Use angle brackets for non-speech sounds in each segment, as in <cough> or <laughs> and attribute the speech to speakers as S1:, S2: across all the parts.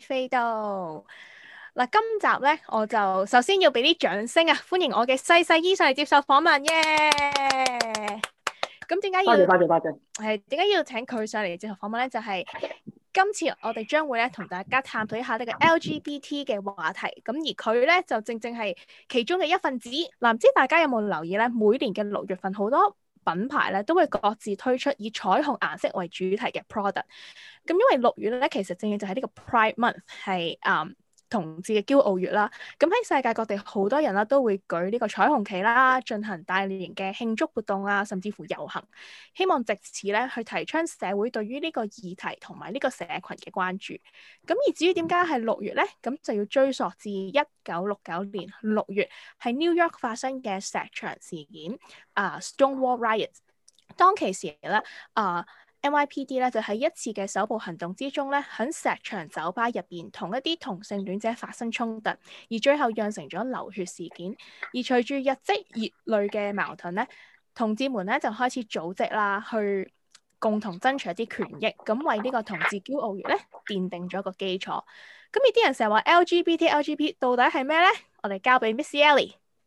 S1: 飛到。嗱，今集咧我就首先要俾啲掌聲啊，歡迎我嘅細細醫生嚟接受訪問耶！咁點解要？歡係點解要請佢上嚟接受訪問咧？就係、是、今次我哋將會咧同大家探討一下呢個 LGBT 嘅話題。咁而佢咧就正正係其中嘅一份子。嗱，唔知大家有冇留意咧？每年嘅六月份好多。品牌咧都會各自推出以彩虹顏色為主題嘅 product，咁因為六月咧其實正正就係呢個 Pride Month 係誒。Um, 同志嘅驕傲月啦，咁喺世界各地好多人啦都會舉呢個彩虹旗啦，進行大型嘅慶祝活動啊，甚至乎遊行，希望藉此咧去提倡社會對於呢個議題同埋呢個社群嘅關注。咁而至於點解係六月咧，咁就要追溯至一九六九年六月喺 New York 發生嘅石牆事件啊、呃、（Stonewall Riots）。當其時咧啊～、呃 NYPD 咧就喺一次嘅首部行動之中咧，喺石牆酒吧入邊同一啲同性戀者發生衝突，而最後釀成咗流血事件。而隨住日積月累嘅矛盾咧，同志們咧就開始組織啦，去共同爭取一啲權益，咁為呢個同志驕傲月咧奠定咗一個基礎。咁有啲人成日話 LGBTLGB 到底係咩咧？我哋交俾 Miss Ellie。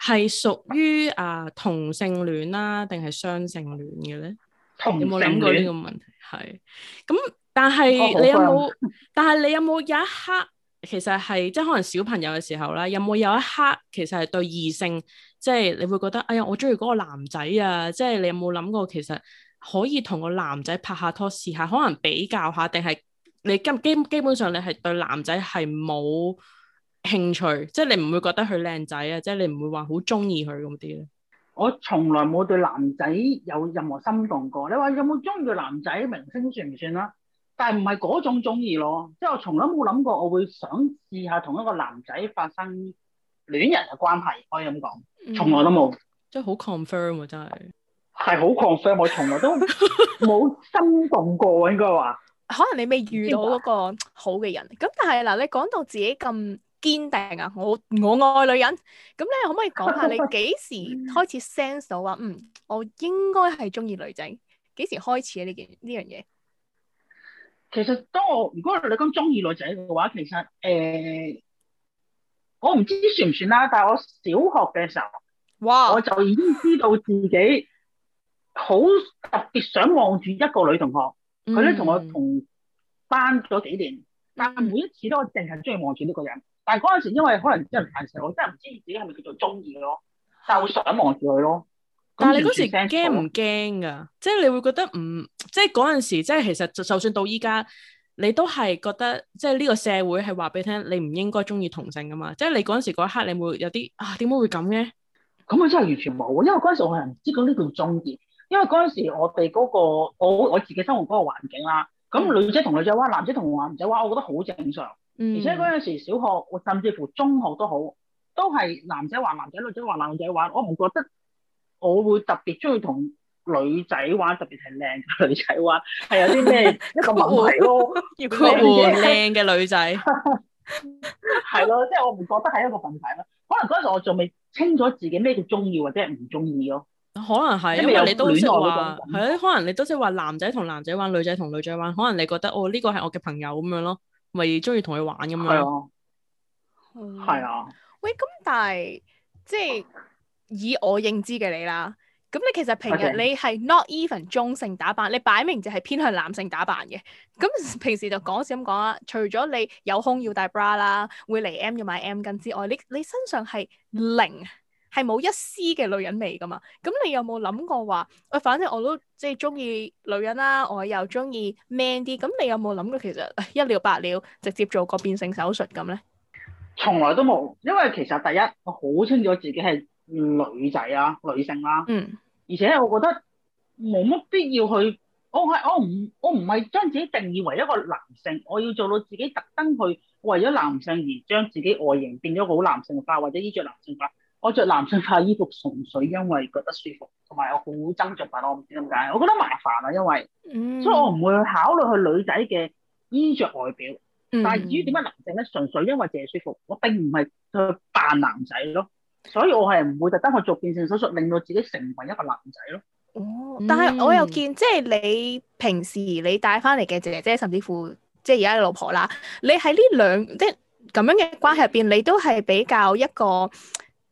S2: 係屬於啊同性戀啦、啊，定係雙性戀嘅咧？有冇諗過呢個問題？係咁，但係、哦、你有冇？哦、但係你有冇有一刻，其實係即係可能小朋友嘅時候啦，有冇有一刻，其實係對異性，即係你會覺得哎呀，我中意嗰個男仔啊，即係你有冇諗過，其實可以同個男仔拍下拖試下，可能比較下，定係你今基基本上你係對男仔係冇。興趣，即係你唔會覺得佢靚仔啊？即係你唔會話好中意佢咁啲咧？
S3: 我從來冇對男仔有任何心動過。你話有冇中意嘅男仔明星算唔算啦？但係唔係嗰種中意咯。即係我從來冇諗過，我會想試下同一個男仔發生戀人嘅關係，可以咁講，從來都冇，嗯。即係好 confirm 真係，係好 confirm。我從來都冇心動過， <laughs> 應該話。
S1: 可能你未遇到嗰個好嘅人。咁 <laughs> 但係嗱，你講到自己咁。堅定啊！我我愛女人，咁咧，可唔可以講下你幾時開始 sense 到話，嗯，我應該係中意女仔？幾時開始啊？呢件呢樣嘢？
S3: 其實當我如果我講中意女仔嘅話，其實誒、欸，我唔知算唔算啦。但係我小學嘅時候，哇，我就已經知道自己好特別想望住一個女同學，佢咧，同我同班咗幾年，但係每一次都淨係中意望住呢個人。但係嗰陣時，因為可能啲人
S2: 排斥我，真係唔知自己係
S3: 咪叫做中意咯，但係會想望住佢咯。但係你嗰
S2: 時驚唔驚㗎？即係你會覺得唔，即係嗰陣時，即係其實就就算到依家，你都係覺得即係呢個社會係話俾你聽，你唔應該中意同性㗎嘛。即係你嗰陣時嗰一刻，你會有啲
S3: 啊點解會咁嘅？咁我真係完全冇，因為嗰陣時我係唔知講呢叫中意，因為嗰陣時我哋嗰個我我自己生活嗰個環境啦。咁女仔同女仔玩，男仔同男仔玩，我覺得好正常。嗯、而且嗰陣時小學，甚至乎中學都好，都係男仔玩男仔，女仔玩男仔玩。我唔覺得我會特別中意同女仔玩，特別係靚女仔玩，係有啲咩 <laughs> <laughs> 一個問題咯？要換靚
S2: 嘅女仔，係咯，即係我唔覺得係一個
S3: 問題咯。可能嗰陣我仲未清楚自己咩叫中意或者係唔中意咯。可能係，因為你都即係話，
S2: 可能你都即係話男仔同男仔玩，女仔同女仔玩，可能你覺得哦呢、這個係我嘅朋友咁樣咯。咪中意同佢玩咁樣，係啊，
S1: 係、嗯、啊。喂，咁但係即係以我認知嘅你啦，咁你其實平日你係 not even 中性打扮，Okay. 你擺明就係偏向男性打扮嘅。咁平時就講少咁講啦。除咗你有胸要戴 bra 啦，會嚟 M 要買 M 巾之外，你你身上係零。係冇一絲嘅女人味噶嘛？咁你有冇諗過話，我、哎、反正我都即係中意女人啦，啊，我又中意 man 啲。咁你有冇諗過其實一了百了，直接做個變性手術咁咧？
S3: 從來都冇，因為其實第一我好清楚自己係女仔啊，女性啦，啊。嗯。而且我覺得冇乜必要去，我係我唔我唔係將自己定義為一個男性，我要做到自己特登去為咗男性而將自己外形變咗好男性化，或者衣著男性化。我着男性化衣服純粹因為覺得舒服，同埋我好憎著襪，我唔知點解，我覺得麻煩啊，因為，嗯、所以我唔會去考慮去女仔嘅衣着外表。嗯、但係至於點解男性咧，純粹因為淨係舒服，我並唔係去扮男仔咯，所以我係唔會特登去做變性手術令到自己成為一個男仔咯。哦，嗯、
S1: 但係我又見即係你平時你帶翻嚟嘅姐姐，甚至乎即係而家嘅老婆啦，你喺呢兩即係咁樣嘅關係入邊，你都係比較一個。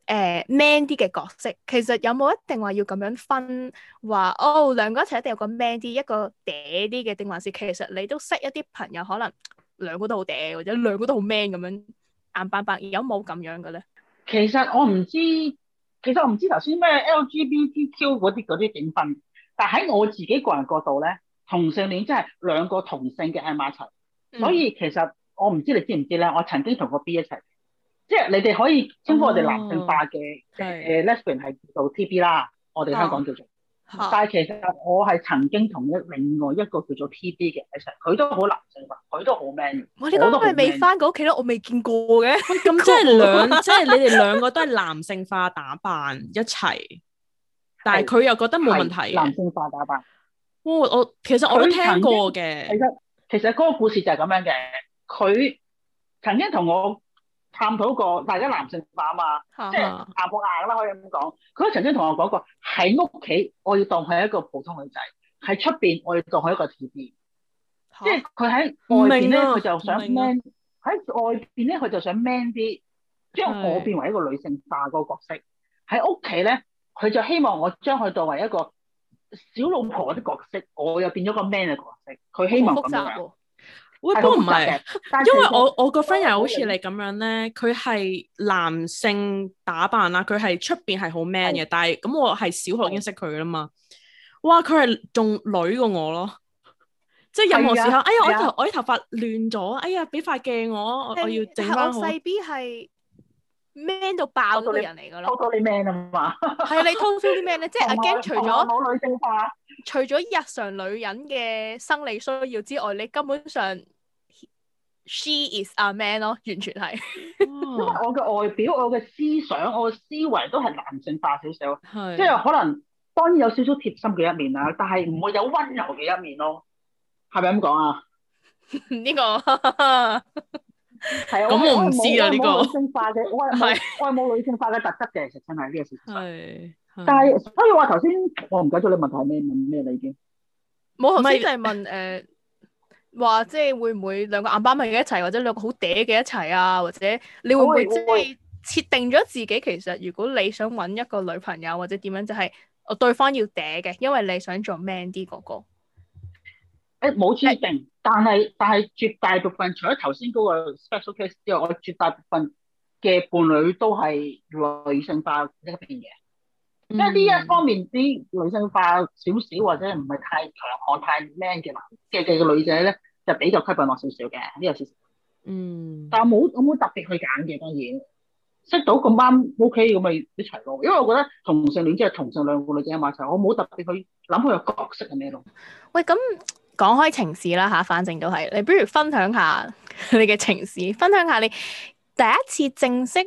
S1: 誒 man 啲嘅角色，其實有冇一定話要咁樣分話哦？兩個一齊一定有個 man 啲，一個嗲啲嘅，定還是其實你都識一啲朋友，可能兩個都好嗲，或者兩個都好 man 咁樣硬板板，有冇咁樣嘅咧？其實
S3: 我唔知，其實我唔知頭先咩 LGBTQ 嗰啲嗰啲點分。但喺我自己個人角度咧，同性戀真係兩個同性嘅喺埋一齊。嗯、所以其實我唔知你知唔知咧？我曾經同個 B 一齊。即係你哋可以稱呼我哋男性化嘅，即係誒，Lesbian 係叫做 TB 啦，我哋香港叫做。啊、但係其實我係曾經同一另外一個叫做 TB 嘅一齊，佢都好男性化，佢都好 man，
S2: 我都 man。我你講都係未翻
S1: 過屋企咯，我未見過嘅。咁 <laughs> 即係兩，
S2: 即係你哋兩個都係男性化打扮一齊， <laughs> 但係佢又覺得冇問題。男
S1: 性化
S3: 打扮。哦、我其實我都聽過
S2: 嘅。
S3: 其實嗰個故事就係咁樣嘅，佢曾經同我。探討個大家男性化啊嘛， <laughs> 即係硬碰硬啦，可以咁講。佢曾經同我講過，喺屋企我要當佢一個普通女仔，喺出邊我要當佢一個 l a 哈即係佢喺外邊咧，佢就想 man，喺外邊咧，佢就想 man 啲，即我變為一個女性化個角色。喺屋企咧，佢就希望我將佢當為一個小老婆嗰啲角色，我又變咗個 man 嘅角色。佢希望咁樣。都唔係，喂因為我我個 friend 又好似你
S2: 咁樣咧，佢係男性打扮啦，佢係出邊係好 man 嘅，的但係咁我係小學已經識佢啦嘛。哇，佢係仲女過我咯，即係任何時候，哎呀，我頭我啲頭髮亂咗，哎呀，俾塊鏡我，的我要整翻我。細 B 係 man 到爆嘅
S3: 人嚟噶咯，偷偷啲 man 啊嘛，
S2: 係
S1: <laughs> 啊，你通宵啲 man 咧，即係阿 Gem 除咗冇女性化，除咗日常女人嘅生理需要之外，你根本上。She is a man 咯，完全係，
S3: <laughs> 因為我嘅外表、我嘅思想、我嘅思維都係男性化少少，即係是可能當然有少少貼心嘅一面啦，但係唔會有温柔嘅一面咯，係咪咁講啊？呢 <laughs> 個係哈啊， <laughs> 咁我唔知啊，呢個女性化嘅，我係我冇女性化嘅
S1: 特質嘅，其實真係呢個事實。係，但係
S3: 所以話頭先，我、哦、唔記得咗你問頭咩問咩你已經，
S1: 冇頭先就係問誒。呃 <laughs> 話即係會唔會兩個眼巴咪一齊，或者兩個好嗲嘅一齊啊？或者你會唔會即係設定咗自己？其實如果你想揾一個女朋友或者點樣，就係、是、我對方要嗲嘅，因為你想做 man 啲嗰個哥哥。
S3: 誒、欸，冇設定，欸、但係但係絕大部分，除咗頭先嗰個 special case 之外，我絕大部分嘅伴侶都係女性化一邊嘅。即係呢一方面啲女性化少少，或者唔係太強悍、太 man 嘅，嘅嘅女仔咧，就比較吸引我少少嘅呢個少少。嗯。2 但係冇冇特別去揀嘅，當然，識到咁啱 OK 咁咪一齊咯。因為我覺得同性戀即係同性兩個女仔埋一齊，我冇特別去諗佢個角色係咩咯。
S1: 喂，咁講開情事啦嚇，反正都係你，不如分享下你嘅情事，分享下你第一次正式。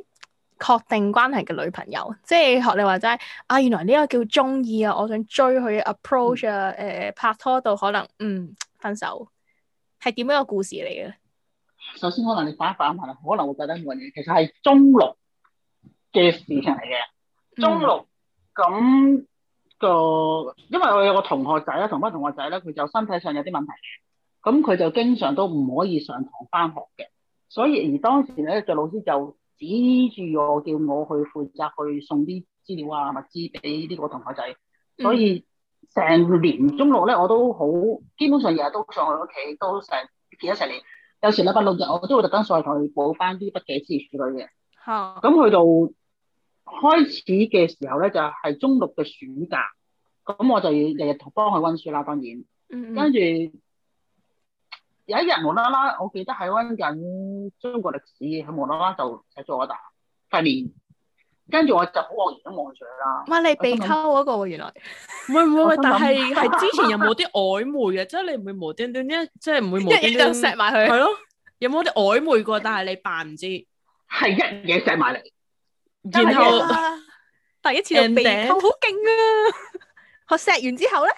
S1: 確定關係嘅女朋友，即係學你話齋啊！原來呢個叫中意啊，我想追佢 approach 啊，誒、呃，拍拖到可能嗯分手，係點樣一個故事嚟嘅？首先，可能你反一反下，啦，可能會覺得唔係其
S3: 實係中六嘅事情嚟嘅。中六咁個，因為我有個同學仔咧，同班同學仔咧，佢就身體上有啲問題，咁佢就經常都唔可以上堂翻學嘅。所以而當時咧，嘅、這個、老師就。指住我叫我去負責去送啲資料啊、物資俾呢個同學仔，所以成、嗯、年中六咧我都好，基本上日日都上去屋企，都成見咗成年。有時禮拜六日我都會特登上去同佢補翻啲筆記資料類嘅。嚇好！咁去到開始嘅時候咧，就係、是、中六嘅暑假。咁我就要日日幫佢温書啦，當然。嗯，嗯。跟住。有一日無啦啦，我記得喺温緊中國歷史，喺無啦啦就
S1: 寫咗一大塊面，跟住我就好愕然咁望上去啦。哇！你被溝嗰個喎，原來。唔會唔會，但係係之前有冇
S2: 啲曖昧啊？即係你唔會無端端呢？即係唔會無端端。一嘢就錫埋佢。係咯。有冇啲曖昧過？但係你扮唔知。係一嘢錫埋你。然後第一次就被溝，好
S1: 勁啊！我錫完之後咧？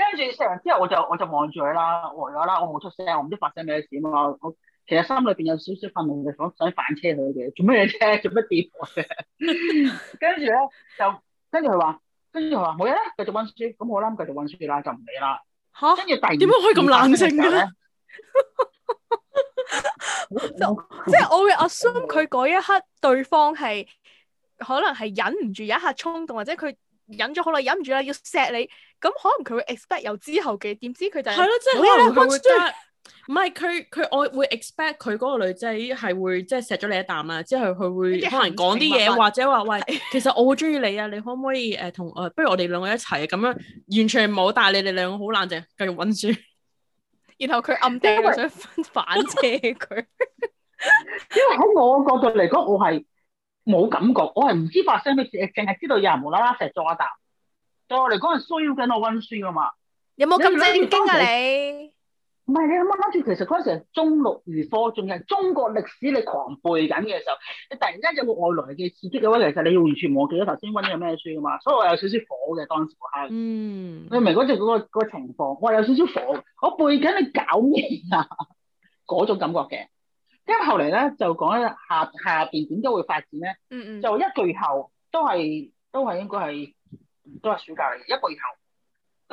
S3: 跟住食完之後，我就我就望住佢啦，望住佢啦，我冇出聲，我唔知發生咩事啊嘛。我其實心裏邊有少少憤怒嘅，想想反車佢嘅。做乜嘢啫？做乜點？跟住咧就跟住佢話，跟住佢話冇嘢啦，繼續温書。咁、嗯、我啦，咁繼續温書啦，就唔理啦。
S1: 跟住、啊、突然點解可以咁冷靜嘅咧？就即係我會 assume 佢嗰一刻，對方係可能係忍唔住有一下衝動，或者佢。忍咗好耐，忍唔住啦，要錫你，咁可能佢會 expect 由之後嘅點知佢就係係咯，即係好多人會即係唔係佢佢
S2: 我會 expect 佢嗰個女仔係會即係錫咗你一啖啊，之後佢會可能講啲嘢或者話喂，其實我好中意你啊，你可唔可以誒同誒，不如我哋兩個一齊啊，咁樣完全冇，但係你哋兩個好冷靜，繼續揾住，然後佢暗地裏 <laughs> 想反車佢，
S3: <laughs> <laughs> 因為喺我角度嚟講，我係。冇感覺，我係唔知發生咩事，淨係知道有人無啦啦成日做阿達，對我嚟講係需要緊我溫書噶嘛？有冇
S1: 咁正經啊你？
S3: 唔係你諗下諗住，其實嗰陣時中六預科仲係中國歷史你狂背緊嘅時候，你突然間有個外來嘅刺激嘅話，其實你要完全忘記咗頭先溫咗咩書噶嘛？所以我有少少火嘅當時，當時嗯，你明嗰隻嗰個嗰、嗰個嗰個情況，我有少少火，我背緊你搞咩啊？嗰 <laughs> 種感覺嘅。咁後嚟咧就講下下下邊點解會發展咧？嗯嗯，就一個月後都係都係應該係都係暑假嚟嘅。一個月後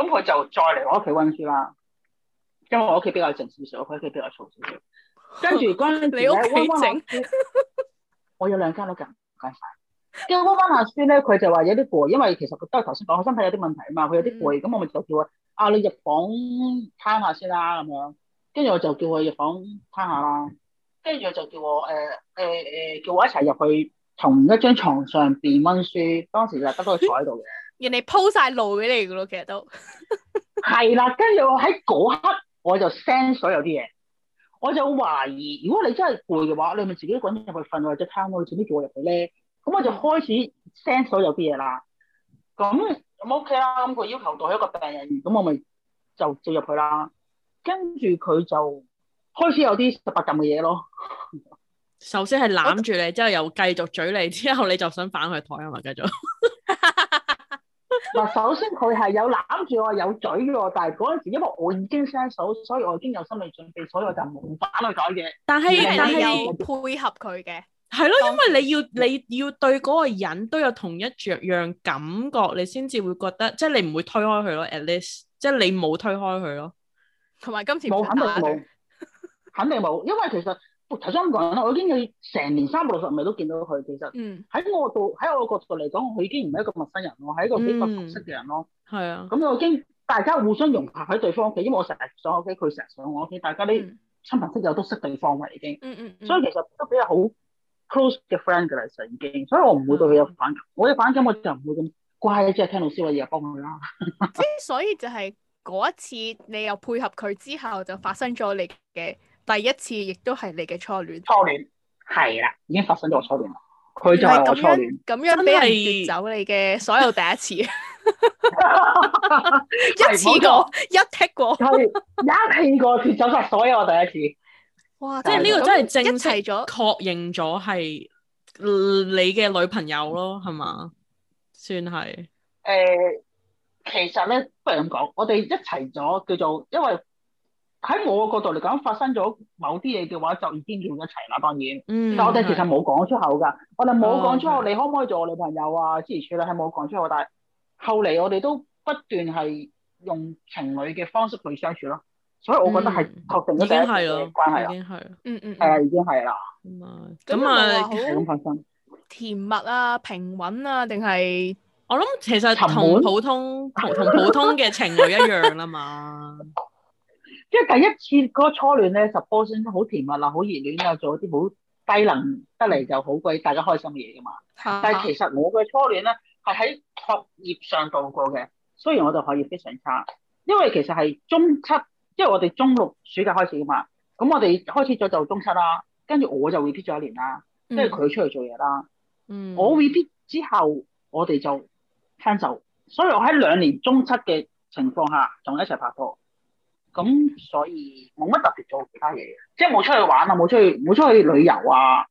S3: 咁佢就再嚟我屋企温書啦。因為我屋企比較靜少少，佢屋企比較嘈少少。跟住嗰陣時咧，我有兩間屋隔，跟住温温下書咧，佢就話有啲攰，因為其實都係頭先講，佢身體有啲問題啊嘛，佢有啲攰咁，我咪就叫佢啊，你入房攤下先啦咁樣。跟住我就叫佢入房攤下啦。
S1: 跟住就叫我誒誒誒，叫我一齊
S3: 入去同一張床上邊温書。當時就得個坐喺度嘅。
S1: 人哋鋪晒路俾你嘅咯，其實都
S3: 係啦。跟 <laughs> 住我喺嗰刻，我就 send 所有啲嘢。我就懷疑，如果你真係攰嘅話，你咪自己滾入去瞓或者攤啊？自己叫我入去咧？咁、嗯、我就開始 send 所有啲嘢啦。咁、嗯、咁 OK 啦。咁、嗯、佢要求當係一個
S2: 病人，咁我
S3: 咪就就入去啦。跟住佢就。開始有啲
S2: 十八禁嘅嘢咯，首先係攬住你，之後又繼續嘴你，之後你就想反佢台啊嘛，繼續。
S3: 嗱， <laughs> 首先佢係有攬住我，有嘴嘅，但係嗰陣時因為我已經伸手，所以我已經有心
S2: 理準備，所以我就冇反去講嘢。但
S1: 係是但係配合佢嘅。
S2: 係咯、嗯，因為你要你要對嗰個人都有同一着樣感覺，你先至會覺得，即係你唔會推開佢咯。At least，即係你冇推開佢咯。同埋今次冇。肯
S3: 定冇，因為其實頭先講啦，我已經要成年三百六十日都見到佢。其實喺我度，喺、嗯、個我角度嚟講，佢已經唔係一個陌生人，我係一個比較熟悉嘅人咯。係、嗯、啊，咁我已經大家互相融合喺對方屋企，因為我成日上屋企，佢成日上我屋企，大家啲親朋戚友都識對方啦已經。嗯嗯。嗯嗯，所以其實都比較好 close 嘅 friend 嘅啦，曾經。所以我唔會對佢有反感、嗯，我有反感我就唔會咁乖啫，聽老師話嘢幫佢啦。
S1: 之所以就係嗰一次你又配合佢之後，就發生咗你嘅。 <laughs> 第一次，亦都係你嘅初戀。
S3: 初戀係啦，已經發生咗我初戀。佢
S1: 就係我初戀。咁樣咁樣俾人奪走你嘅所有第一次。 <laughs>
S3: <laughs> <laughs> 一次過， <laughs> 是一踢過， <laughs> 一拼過，奪走晒所有我第一次。 <laughs> 哇！即係呢個真
S2: 係證實咗，確認咗係你嘅女朋友咯，係嘛？ <laughs> 算係。誒、呃，其實咧，
S3: 不如咁講，我哋一齊咗叫做，因為。喺我嘅角度嚟講，發生咗某啲嘢嘅話，就已經住咗一齊啦。當然，但我哋其實冇講出口噶，我哋冇講出口。你可唔可以做我女朋友啊？之前處理係冇講出口，但係後嚟我哋都不斷係用情侶嘅方式去相處咯。所以我覺得係確定咗第一對嘅關係已經係，嗯嗯，係啊，已經係啦。
S1: 咁啊，咁啊，好甜蜜啊，平穩啊，定係我諗，其實同普通同普通嘅
S2: 情侶一樣啦嘛。
S1: 即係第一次嗰個初戀咧 s u p
S3: 好甜蜜、啊、啦，好熱戀、啊，然後做一啲好低能得嚟就好鬼大家開心嘅嘢噶嘛。 <laughs> 但係其實我嘅初戀咧係喺學業上度過嘅，雖然我哋學業非常差，因為其實係中七，因為我哋中六暑假開始噶嘛，咁我哋開始咗就中七啦，跟住我就 repeat 咗一年啦，即係佢出嚟做嘢啦，我 repeat 之後我哋就 c a 所以我喺兩年中七嘅情況下仲一齊拍拖。咁所以冇乜特別做其他嘢，即係冇出去玩啊，冇出去冇出去旅遊啊。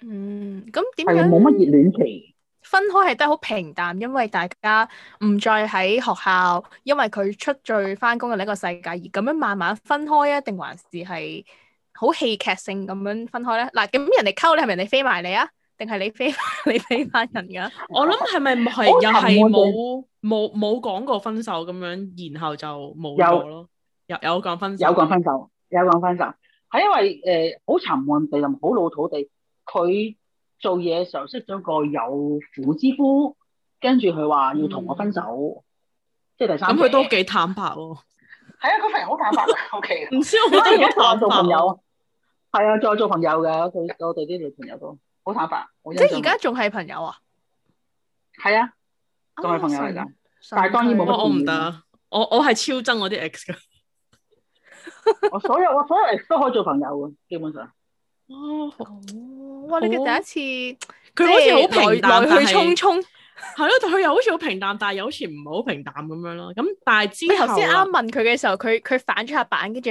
S3: 嗯，
S1: 咁點樣
S3: 冇乜熱戀期，
S1: 分開係都係好平淡，嗯、因為大家唔再喺學校，因為佢出咗去翻工嘅呢一個世界，而咁樣慢慢分開啊？定還是係好戲劇性咁樣分開咧？嗱，咁人哋溝你係咪人哋飛埋你啊，定係你飛 <laughs> 你飛返人噶？ <laughs> 我諗係咪係又係冇冇
S2: 冇講過分手咁樣，然後就冇咗咯？有講分，分手，有講分手，有講分手，係因為
S3: 誒好、呃、沉悶地，好老土地。佢做嘢嘅時候識咗個有婦之夫，跟住佢話要同我分手，嗯、即係第三。咁佢、嗯、都幾坦白咯。係啊，佢份人好坦白嘅。O K，唔需要做，做朋，友、 <laughs> 啊、朋友啊。係啊，再做朋友嘅，佢我哋呢女朋友都好坦白。即係而家仲係朋友
S2: 啊？係啊，仲
S3: 係朋友
S2: 嚟噶。但係當然冇乜，我唔得，我我係超憎我啲 ex 噶。 <laughs>
S3: <laughs> 我所
S1: 有我所有都可以做朋友嘅，基本上。哦，哦哇！你嘅第一次，佢好似好平淡，來、就是、內去匆
S2: 匆，係咯是，佢 <laughs> 又好似好平淡，但係又好似唔係好平淡咁樣咯。咁但係之後，頭先啱
S1: 問佢嘅時候，佢佢反咗下板，跟住。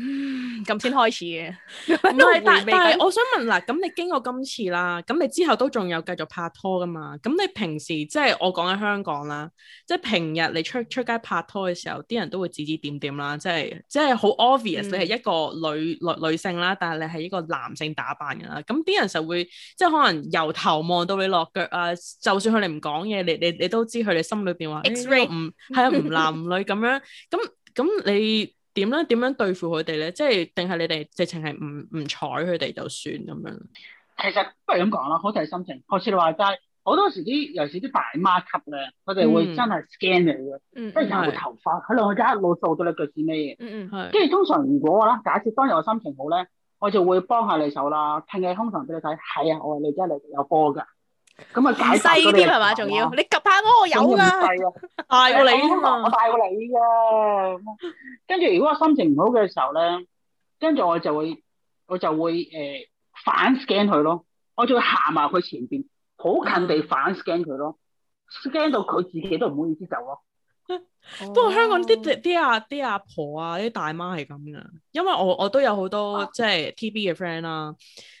S1: 嗯，咁先開始嘅 <laughs> 是 <laughs> 著，但係我
S2: 想問啦，咁你經過今次啦，咁你之後都仲有繼續拍拖噶嘛？咁你平時即係我講緊香港啦，即係平日你出出街拍拖嘅時候，啲人都會指指點點啦，即係即係好 obvious，你係一個女女，嗯、女性啦，但係你係一個男性打扮噶啦，咁啲人就會即係可能由頭望到你落腳啊，就算佢哋唔講嘢，你你你都知佢哋心裏邊話唔係啊，唔男唔女咁樣，咁咁你，點咧？點樣對付佢哋咧？即係定係你哋直情係唔唔睬佢哋就算咁樣。
S3: 其實不如咁講啦，好似係心情，好似你話齋，好多時啲尤其是啲大媽級咧，佢哋會真係 scan 你嘅，即係有頭髮，佢兩個一路掃到你腳趾尾嘅。嗯嗯，係。跟住通常如果啦，假設當日我心情好咧，我就會幫下你手啦，傾下胸膛俾你睇。係啊，我話你真係，有波㗎。咁啊，搞細啲係嘛，仲要你及下我有啊，大過你啊，我大過你啊。跟住如果我心情唔好嘅時候咧，跟住我就會我就會誒、呃、反 scan 佢咯，我就會行埋佢前邊，好近地反 scan 佢咯，scan 到佢自己都唔好意思走咯。
S2: 不過、哦、香港啲啲、哦、啊、啲阿婆啊、啲、啊、大媽係咁噶，因為我我都有好多即係 TV 嘅 friend 啦。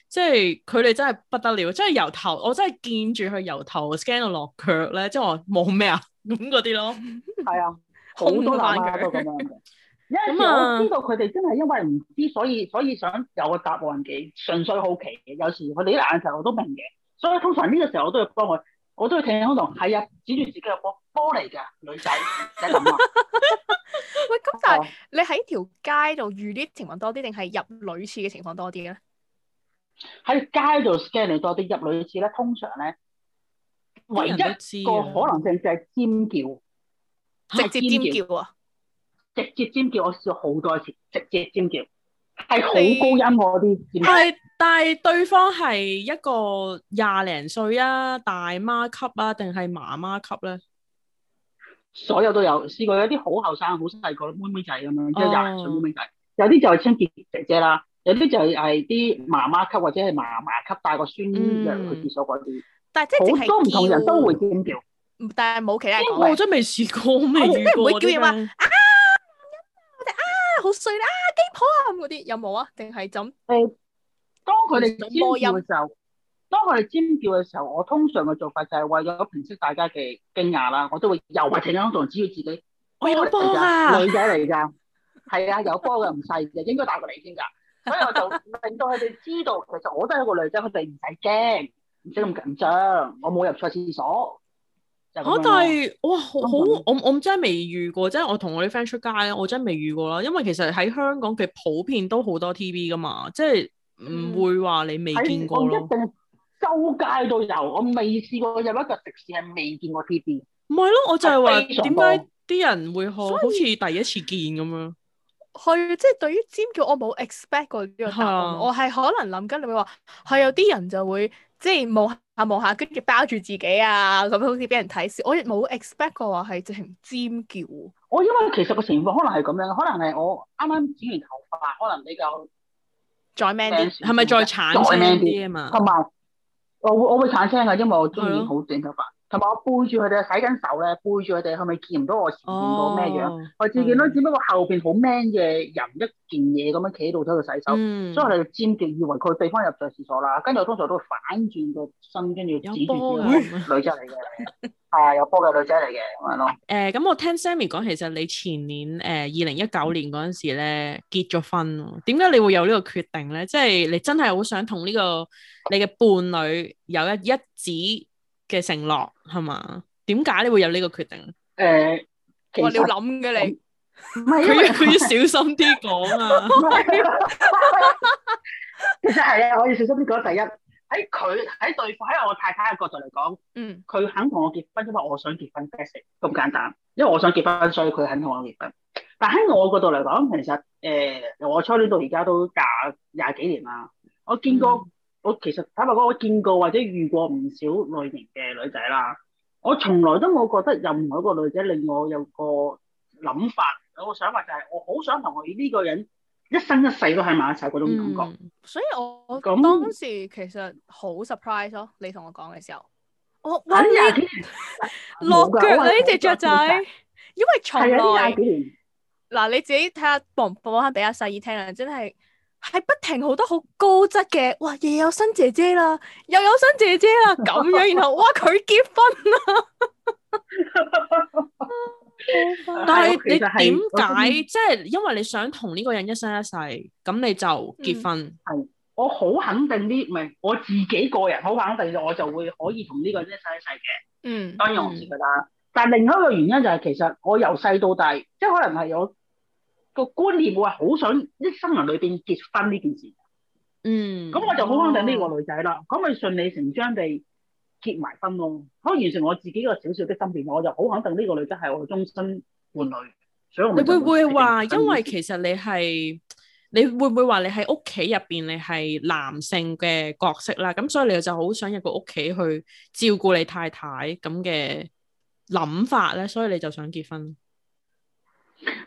S2: 即係佢哋真係不得了，即係由頭我真係見住佢由頭 scan 到落腳咧，即係話冇咩啊
S3: 咁嗰啲咯，係啊， <laughs> 好多媽媽都咁樣嘅。有陣時我知道佢哋真係因為唔知，所以所以想有個答案嘅，純粹好奇嘅。有時佢哋啲眼神我都明嘅，所以通常呢個時候我都要幫佢，我都要企喺度係啊，指住自
S1: 己個波嚟㗎女仔，唔使諗啊。 <laughs> 喂，咁但係、哦、你喺條街度遇啲情況多啲，定係入女廁嘅情況多啲咧？
S3: 喺街度 scanning 多啲入女廁咧，通常咧唯一個可能性就係尖
S1: 叫，
S2: 直接尖叫啊！直接尖叫，我試過好多次，直接
S3: 尖叫，係好高音嗰啲。係，
S2: 但係對方係一個廿零歲啊，大媽級啊，定係媽媽級咧？所有都有試過有，
S3: 有啲好後生，好細個妹妹仔咁樣，即係廿零歲妹妹仔，啊、有啲就係清潔姐姐啦。有啲就係係啲媽媽級或者係嫲嫲級帶個孫入去廁所嗰啲，但係
S1: 即係好多唔同人都會尖叫，但係冇其他，我真
S2: 未試過，我未。你唔會叫人話
S1: 啊，我哋啊好衰啊雞婆啊咁嗰啲有冇啊？定係就當佢哋尖叫嘅
S3: 時候，當佢哋尖叫嘅時候，我通常嘅做法就係為咗平息大家嘅驚訝啦，我都會又咪停咗，同只要自己。我有波啊！女仔嚟噶，係啊，有波嘅唔細嘅，應該大過你先噶。 <laughs> 所以我就令到佢哋知道，其實我都係一個女仔，佢哋唔使驚，唔使咁緊張。我冇入錯廁所，就是啊、但
S2: 我都係哇，嗯、好我我真係未遇過，即係我同我啲 friend 出街咧，我真係未遇過啦。因為其實喺香港嘅普遍都好多 T.V. 噶嘛，即係唔會話你未見過、嗯、我一
S3: 定周街都有，我未
S1: 試過入一個食肆係未見
S2: 過 T.V. 唔係咯？我就係話點解啲人會好似以第一次見咁樣？
S1: 去即係對於尖叫，我冇 expect 過呢個答案。嗯、我係可能諗緊你會話係有啲人就會即係望下望下，跟住包住自己啊，咁樣，好似俾人睇笑。我亦冇 expect 過話係直情尖叫。我因為其實個情況可能係咁樣，可能係我啱啱剪完頭
S3: 髮，可能比較再
S1: man 啲，係咪再慘啲啊嘛？同埋
S3: 我會我會慘聲嘅，因為我中意好整頭髮。嗯同埋我背住佢哋洗緊手咧，背住佢哋係咪見唔到我前面個咩樣？我只見到只不過後邊好 man 嘅人一件嘢咁樣企喺度喺度洗手，所以我哋就間接以為佢對方入咗廁所啦。跟住我通常都會反轉個身，跟住指住字女仔嚟嘅，係有波嘅女仔嚟嘅
S2: 咁樣咯。誒，咁我聽 Sammy 講，其實你前年誒二零一九年嗰陣時咧結咗婚，點解你會有呢個決定咧？即係你真係好想同呢個你嘅伴侶有一一指。嘅承諾係嘛？點解你會有呢個決定啊？誒、
S3: 呃，我你要諗
S2: 嘅你，佢要佢要小心啲講啊！其實係啊，我
S3: 要小心啲講。第一，喺佢喺對方喺我太太嘅角度嚟講，嗯，佢肯同我結婚，因為我想結婚，basic 咁簡單。因為我想結婚，所以佢肯同我結婚。但喺我角度嚟講，其實誒，呃、由我初戀到而家都廿廿幾年啦，我見過、嗯。我其實坦白講，我見過或者遇過唔少類型嘅女仔啦。我從來都冇覺得任何一個女仔令我有個諗法，有個想法，想法就係我好想同佢呢個人一生一世都喺埋一齊嗰種感覺、嗯。
S1: 所以我當時其實好 surprise 咯，你同我講嘅時候，我揾啲
S3: 落腳呢隻雀仔，
S1: 因為從來嗱、嗯嗯嗯嗯、你自己睇下播唔播翻俾阿細姨聽啊，真係～係不停好得好高質嘅，哇夜，有新姐姐！又有新姐姐啦，又有新姐姐啦，咁樣然後，哇！佢結婚啦。 <laughs> <laughs> <laughs> 但係你點解
S2: 即係因為你想同呢個人一生一世，咁你就結婚？係、嗯、我好肯定啲，唔係我自己個人好肯定，我就會可以同
S3: 呢個人一生一世嘅。嗯，當然我唔知噶啦。嗯、但係另外一個原因就係、是，其實我由細到大，即係可能係我。個觀念會係好想一生人裏邊結婚呢件事，嗯，咁我就好肯定呢個女仔啦，咁佢順理成章地結埋婚咯，可以完成我自己個小小嘅心願，我就好肯定呢個女仔係我嘅終身伴侶，
S2: 所以你會唔會話，因為其實你係你會唔會話你喺屋企入邊你係男性嘅角色啦，咁所以你就好想入個屋企去照顧你太太咁嘅諗法咧，所以你就想結婚。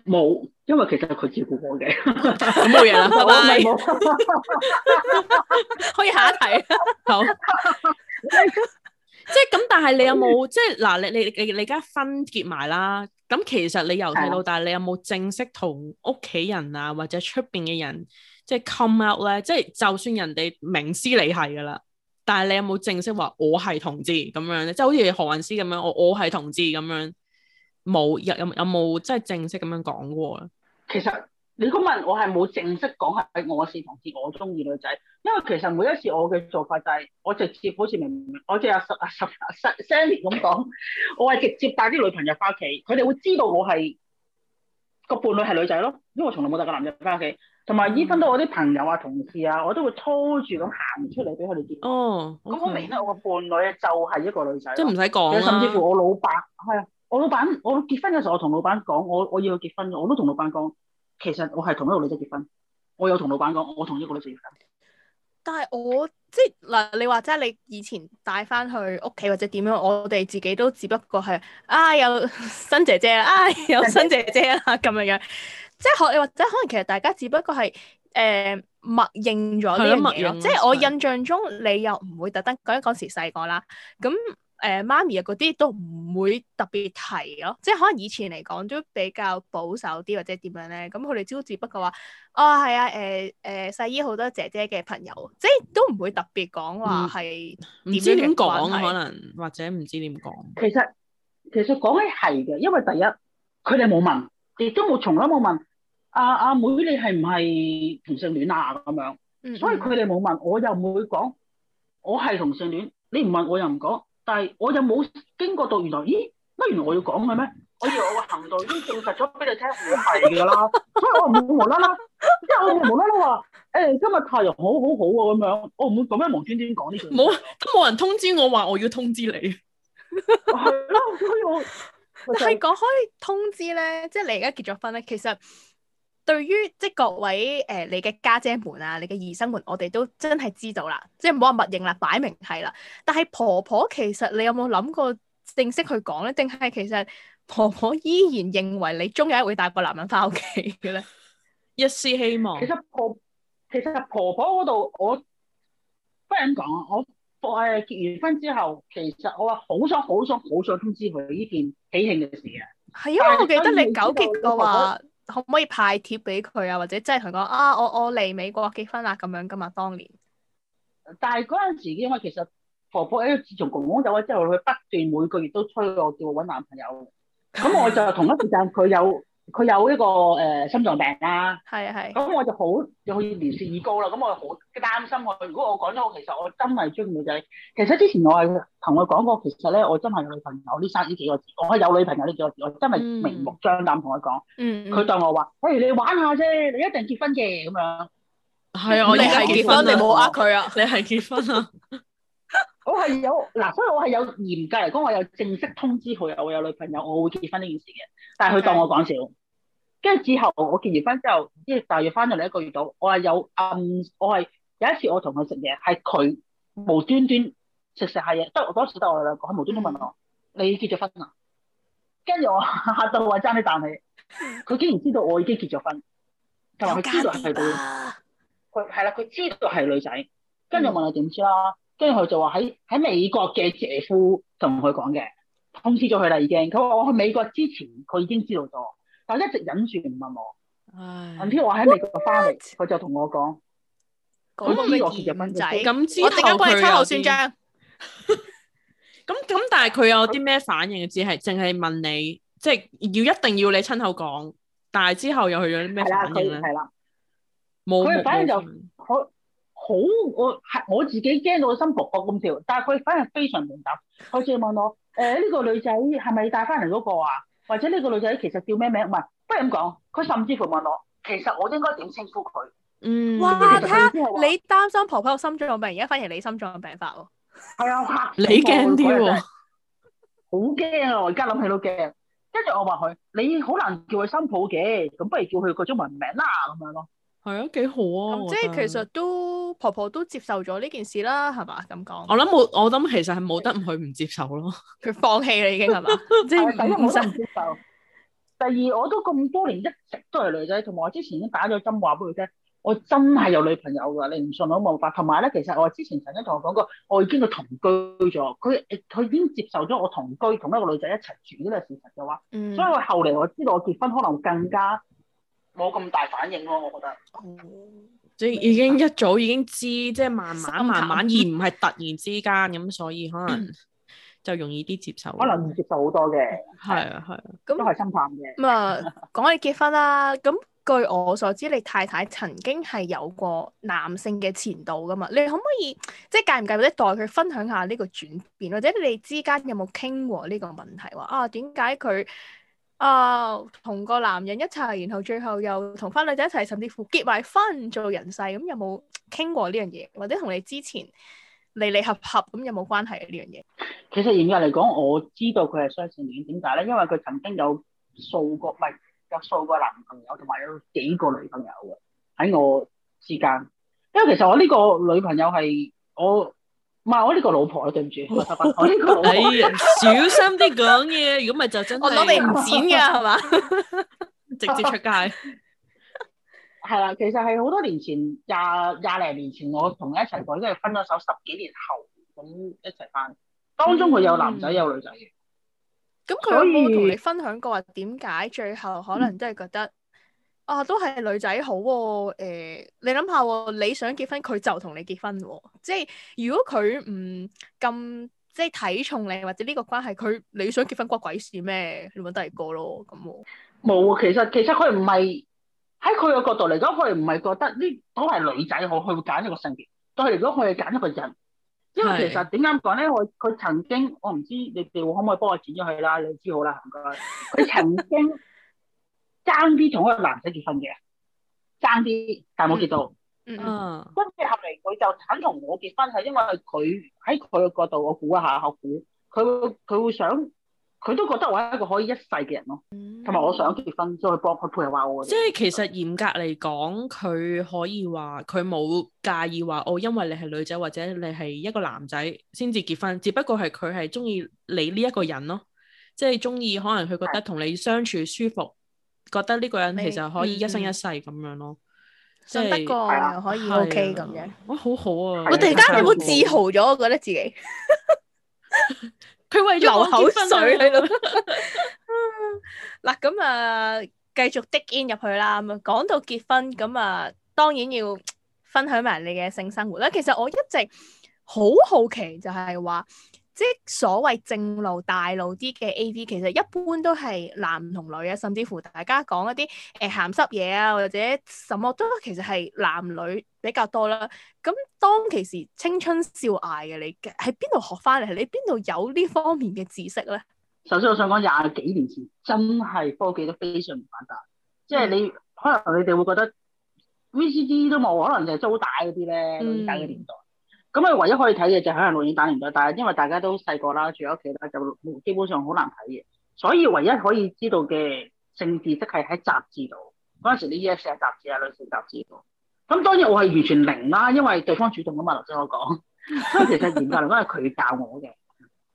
S3: 冇，因為其實係佢照顧我嘅，咁冇嘢啦，拜拜
S2: <laughs> Bye bye。 <laughs> 可以下一題。好， <laughs> <laughs> 即係咁，但係你有冇 <laughs> 即係嗱，你你你你而家分結埋啦，咁其實你由細到大， <laughs> 你有冇正式同屋企人啊，或者出邊嘅人即係 come out 咧？即係就算人哋明知你係噶啦，但係你有冇正式話我係同志咁樣咧？即係好似何韻詩咁樣，我我係同志咁樣。冇，有有有冇即係正式咁樣講過咧？其實
S3: 你咁問我係冇正式講，係我是同志我中意女仔，因為其實每一次我嘅做法就係我直接好似明我即係阿十阿十阿 Sam 咁講，我係直接帶啲女朋友翻屋企，佢哋會知道我係個伴侶係女仔咯，因為我從來冇帶個男人翻屋企，同埋依分到我啲朋友啊同事啊，我都會拖住咁行出嚟俾佢哋見。哦，咁好明啦，我個伴侶就係一個女仔，即係唔使講甚至乎我老伯係啊。我老闆，我結婚嘅時候，我同老闆講，我我要結婚，我都同老闆講，其實我係同一個女仔結婚，我有同老闆講，我同一個女仔結
S1: 婚。但係我即嗱、即係，你話齋，你以前帶翻去屋企或者點樣，我哋自己都只不過係啊有新姐姐啊有新姐姐啦咁樣樣，即係可你話齋，可能其實大家只不過係誒、呃、默認咗啲嘢，即係我印象中你又唔會特登嗰陣嗰時細個啦，咁。誒、呃、媽咪啊嗰啲都唔會特別提咯，即係可能以前嚟講都比較保守啲或者點樣咧，咁佢哋只不過話哦，係啊誒誒細姨好多姐姐嘅朋友，即係都唔會特別講話係唔、嗯、知點講可
S2: 能或者唔知點講。
S1: 其實其實講起係嘅，因為第一佢哋冇問，
S3: 亦都冇從來冇問阿阿、啊、妹你係唔係同性戀啊？咁樣，嗯嗯所以佢哋冇問，我又唔會講，我係同性戀，你唔問我又唔講。但係我又冇經過到原來，咦？乜原來我要講嘅咩？我以為我個行動已經證實咗
S2: 俾你聽
S3: 好弊嘅啦，所以我唔會無啦啦，即係 <laughs> 我冇無啦啦話誒，今日太陽好好好啊咁樣，我唔會咁樣無端端講呢句。冇，
S2: 都冇人通知我話我要通
S3: 知
S1: 你。係 <laughs> 囉、啊，所以我但係講開通知咧，即係你而家結咗婚咧，其實。對於即係各位誒、呃，你嘅家姐姐們啊，你嘅姨甥們，我哋都真係知道啦，即係唔好話默認啦，擺明係啦。但係婆婆其實你有冇諗過正式去講咧？定係其實婆婆依然認為你終有一會帶個男人翻屋企嘅咧？
S2: 一絲希望其。其實婆其實婆
S3: 婆嗰度，我不忍講。我誒結完婚之後，其實我話好想好想好想通知佢呢件喜慶嘅事
S1: 啊。係因為我記得你糾結過話。可唔可以派帖俾佢啊？或者即係同佢講啊，我我嚟美國結婚啦咁樣噶嘛？當年，
S3: 但係嗰陣時，因為其實婆婆咧，自從公公走咗之後，佢不斷每個月都催我，叫我搵男朋友。咁我就同一時間佢有， <laughs> 佢有呢個誒心臟病啦，啊，係啊，咁我就好，就可以年事已高啦。咁我就好擔心我，如果我講咗，我其實我真係鍾意女仔。其實之前我係同佢講過，其實咧我真係有女朋友。呢三呢幾個字，我係有女朋友呢幾個字，我真係明目張膽同佢講。佢當、嗯、我話，如、欸、你玩下啫，你一定結婚嘅咁樣。係啊，我哋係結婚，你冇呃佢啊？你係結婚啊？ <laughs> 我係有嗱，所以我係有嚴格嚟講，我有正式通知佢我有女朋友，我會結婚呢件事嘅。但係佢當我講笑。 <laughs> <noise> 跟住之後，我結完婚之後，唔知大約翻咗嚟一個月度，我係有暗、嗯，我係有一次我同佢食嘢，係佢無端端食食下嘢，得嗰時得我哋兩個，無端端問我你結咗婚啦？跟住我嚇到我爭啲彈起，佢竟然知道我已經結咗婚，同埋佢知道係女，佢係啦，佢、啊、知道係女仔，跟住問我點知啦？跟住佢就話喺喺美國嘅姐夫同佢講嘅通知咗佢啦已經，佢話我去美國之前佢已經知道咗。我一直忍住唔問我。橫掂唉我喺美國翻嚟，佢麼就同我講：咁呢個叫乜仔？咁知，之後佢秋後算賬。
S2: 咁 <laughs> 咁，但係佢有啲咩反應？只係淨係問你，即係要一定要你親口講。但係之後又去咗啲咩反應冇。佢反正
S3: 就好好，我係我自己驚到個心噗噗咁跳。但係佢反而非常明白。佢似問我，誒、欸、呢、呢個女仔係咪帶翻嚟嗰個啊？或者呢個女仔其實叫咩名？唔係，
S1: 不如咁講，佢甚至乎問我，其實我應該點稱呼佢？嗯，哇！睇你擔心婆婆有心臟病，而家反而你心臟有病發喎。係啊，嚇你啊！你驚啲喎，
S3: 好驚啊！我而家諗起都驚。跟住我話佢，你好難叫佢
S2: 新抱嘅，咁不如叫佢個中文名啦，咁樣咯。係啊，幾好啊！的即係其實
S1: 都婆婆都接受咗呢件事啦，係嘛咁講。我
S2: 諗冇，我諗其實係冇得佢唔接受咯，佢
S1: <laughs> 放棄啦已經係嘛。 <laughs> 即係第一，冇得唔接受。 <laughs> 第二，我都
S3: 咁多年一直都係女仔，同埋我之前已經打咗針話俾佢聽，我真係有女朋友噶，你唔信我冇法。同埋咧，其實我之前曾經同我講過，我已經到同居咗，佢佢已經接受咗我同居，同一個女仔一齊住呢個事實嘅話，mm. 所以我後嚟我知道我結婚可能更加。冇咁大反
S2: 應咯、啊，我覺得。即係、嗯嗯、已經一早已經知，即係慢慢慢慢，探慢慢而唔係突然之間咁， <laughs> 所以可能就容易啲接受、啊。可能唔接受好多嘅。係啊，係
S1: 啊。都係心淡嘅。咁啊，講起、嗯嗯、結婚啦，咁 <laughs> 據我所知，你太太曾經係有過男性嘅前度噶嘛？你可唔可以即係介唔介意或者代佢分享下呢個轉變，或者你哋之間有冇傾過呢個問題？話啊，點解佢？啊，uh, 同個男人一齊，然後最後又同翻女仔一齊，甚至乎結埋婚，做人世，咁、嗯、有冇傾過呢樣嘢？或者同你之前離離合合咁、嗯、有冇關係呢樣嘢？其
S3: 實嚴格嚟講，我知道佢係雙性戀，點解咧？因為佢曾經有數個唔係有數個男朋友，同埋有幾個女朋友嘅喺我之間。因為其實我呢個女朋友係我。唔係我呢個老婆啦，對唔住，我呢
S2: 個老婆 <laughs> 哎呀，小心啲講嘢，如果咪就真係我哋唔剪噶，係嘛，
S3: 直接出街係啦。 <laughs> <laughs> 其實係好多年前，廿廿零年前我同你一齊過，即係分咗手十幾年後咁一齊翻。當中佢有男仔、嗯、有女
S1: 仔嘅，咁佢有冇同你分享過話點解以最後可能真係覺得？啊，都係女仔好喎，哦欸，你諗下喎，你想結婚，佢就同你結婚喎。哦，即係如果佢唔咁即係睇重你或者呢個關係，佢你想結婚關鬼，鬼事咩？你揾第二個咯，咁冇，
S3: 冇啊，其實其實佢唔係喺佢嘅角度嚟講，佢唔係覺得呢都係女仔好，佢會揀一個性別，但係如果佢係揀一個人，因為其實點解講咧？我佢是曾經，我唔知你哋可唔可以幫我剪咗佢啦，你知好啦，唔該，佢曾經。 <laughs> 爭啲同一個男仔結婚嘅，爭啲，但係冇結到。嗯，嗯跟住後嚟佢就肯同我結婚，係因為佢喺佢嘅角度，我估一下，我估佢佢會想，佢都覺得我係一個可以一世嘅人咯，同埋、嗯、我想結婚，的所以幫佢配合我。即係
S2: 其實嚴格嚟講，佢可以話佢冇介意話我、哦，因為你係女仔或者你係一個男仔先至結婚，只不過係佢係中意你呢一個人咯，即係中意可能佢覺得同你相處舒服。覺得呢個人其實可以一生一世咁樣咯，信得過又可以 OK 咁樣，
S1: 哇，好好啊！我突然間有冇自豪咗？我覺得自己佢為咗流口水喺度嗱。咁啊，繼續 dig in 入去啦。咁啊，講到結婚咁啊，當然要分享埋你嘅性生活啦。其實我一直好好奇，就係話。即係所謂正路大路啲嘅 A.V. 其實一般都係男同女啊，甚至乎大家講一啲誒鹹濕嘢啊，或者什麼都其實係男女比較多啦。咁當其時青春少艾嘅你喺邊度學翻嚟？你邊度有呢方面嘅知識咧？首先我想講廿幾年前真係科技都非常唔發達，即係
S3: 你、嗯、可能你哋會覺得 V.C.D. 都冇，可能就係租帶嗰啲咧，嗰啲咁嘅年代。咁啊，唯一可以睇嘅就喺人錄影打完咗，但係因為大家都細個啦，住喺屋企啦，就基本上好難睇嘅。所以唯一可以知道嘅性知識係喺雜誌度。嗰陣時啲 E.S. 係雜誌啊，女性雜誌度，咁當然我係完全零啦，因為對方主動啊嘛。頭先我講，所以其實研究都係佢教我嘅。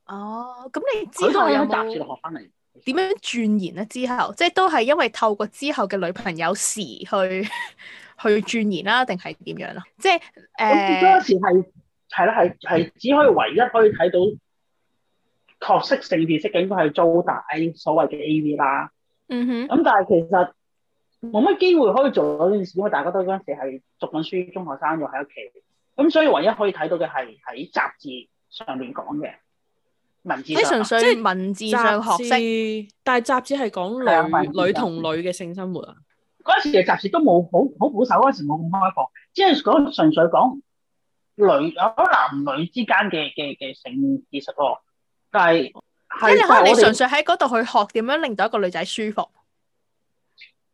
S3: 哦，
S1: 咁你之後有雜誌學返嚟。點樣鑽研咧？之後即係都係因為透過之後嘅女朋友時去去鑽研啦，啊，定係點樣咯？即係誒嗰陣時
S3: 係。係啦，係係只可以，唯一可以睇到，確識性別色景都係租大所謂嘅 A V 啦。Mm hmm. 嗯哼。咁但係其實冇乜機會可以做到呢件事，因為大家都嗰陣時係讀緊書，中學生要喺屋企，咁所以唯一可以睇到嘅係喺雜誌上面講嘅
S2: 文字，即係、 <noise> 純粹、文字上學識。 <noise> 但係雜誌係講女、嗯、女同女嘅性生活啊？嗰
S3: 陣時嘅雜誌都冇好好保守，嗰陣時冇咁開放，只係講純粹講。女有男女之間嘅嘅嘅性知識咯，但係即係你純粹
S1: 喺嗰度去學點樣令到一個女仔舒服，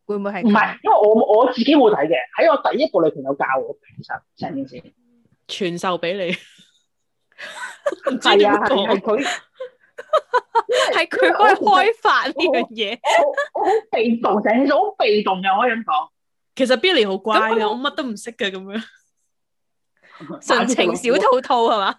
S1: 會唔會係？唔係，
S3: 因為我我自己冇睇嘅，喺我第一個女朋友教我，其實成件事
S2: 傳授俾你，
S1: 唔係 <laughs> 哥啊，係佢、
S2: 啊，係佢開開發呢樣嘢，我我好被動，其實好被動嘅，可以咁講。其實 Billy 好乖麼我乜都唔識嘅咁樣。
S3: 純情小兔
S1: 兔係嘛？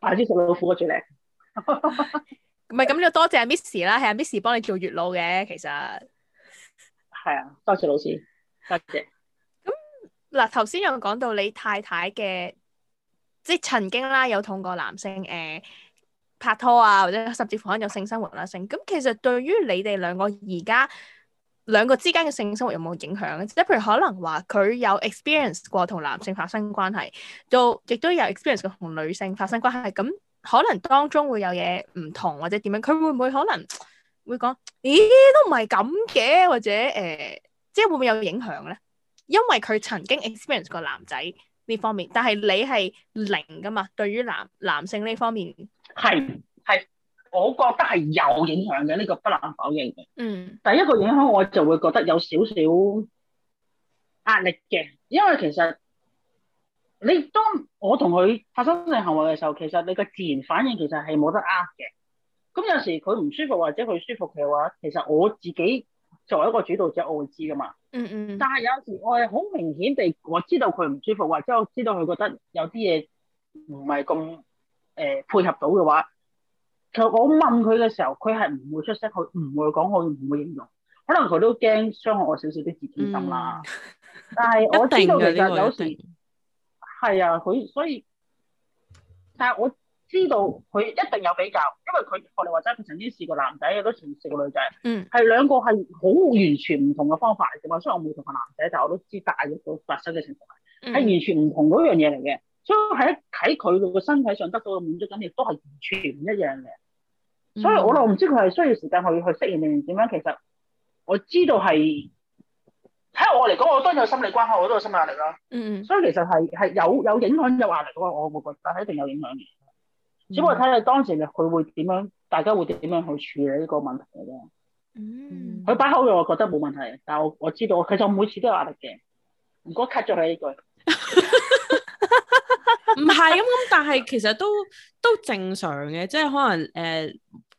S1: 百
S3: 分之十老虎過住你，
S1: 唔係，咁就多謝 Miss 啦，係阿 Miss 幫你做月老嘅，其實係啊，
S2: 多謝老師，
S1: 多謝。咁嗱，頭先有講到你太太嘅，即係曾經啦，有同過男性誒、呃、拍拖啊，或者甚至乎有性生活啦、啊，性，咁其實對於你哋兩個而家。兩個之間嘅性生活有冇影響？即係譬如可能話佢有 experience 過同男性發生關係，都亦都有 experience 過同女性發生關係，咁可能當中會有嘢唔同或者點樣？佢會唔會可能會講？咦，都唔係咁嘅，或者誒、呃，即係會唔會有影響咧？因為佢曾經 experience 過男仔呢方面，但係你係零㗎嘛，對於男男性呢方面係
S3: 係。我覺得係有影響嘅，呢個不能否認嘅。嗯。第一個影響我就會覺得有少少壓力嘅，因為其實你當我同佢發生性行為嘅時候，其實你個自然反應其實係冇得呃嘅。咁有時佢唔舒服或者佢舒服嘅話，其實我自己作為一個主導者，我會知㗎嘛。嗯嗯。但係有時我係好明顯地，我知道佢唔舒服，或者我知道佢覺得有啲嘢唔係咁誒配合到嘅話。其實我問佢嘅時候，佢係唔會出聲，佢唔會講，佢唔會形容。可能佢都驚傷害我少少啲自尊心啦。嗯、但係我知道、啊、其實有時係定啊，佢所以但係我知道佢一定有比較，因為佢我哋話齋佢曾經試過男仔，亦都曾經試過女仔，係、嗯、兩個係好完全唔同嘅方法嚟嘅嘛。雖然我冇同個男仔，但我都知大約所發生嘅情況係完全唔同嗰樣嘢嚟嘅，所以喺喺佢個身體上得到嘅滿足感亦都係完全唔一樣嘅。所以我我唔知佢係需要時間去去適應定點樣？其實我知道係睇下我嚟講，我都有心理關口，我都有心理壓力啦、啊。嗯，嗯，所以其實係係有有影響有壓力嘅、啊、話，我會覺得係一定有影響。只不過睇下當時佢會點樣，大家會點樣去處理呢個問題嘅啫。嗯。佢擺口嘅，我覺得冇問題。但我我知道，其實我每次都有壓力嘅。唔該，cut 咗佢呢句。
S2: 唔係咁咁，但係其實都都正常嘅，即係可能誒。呃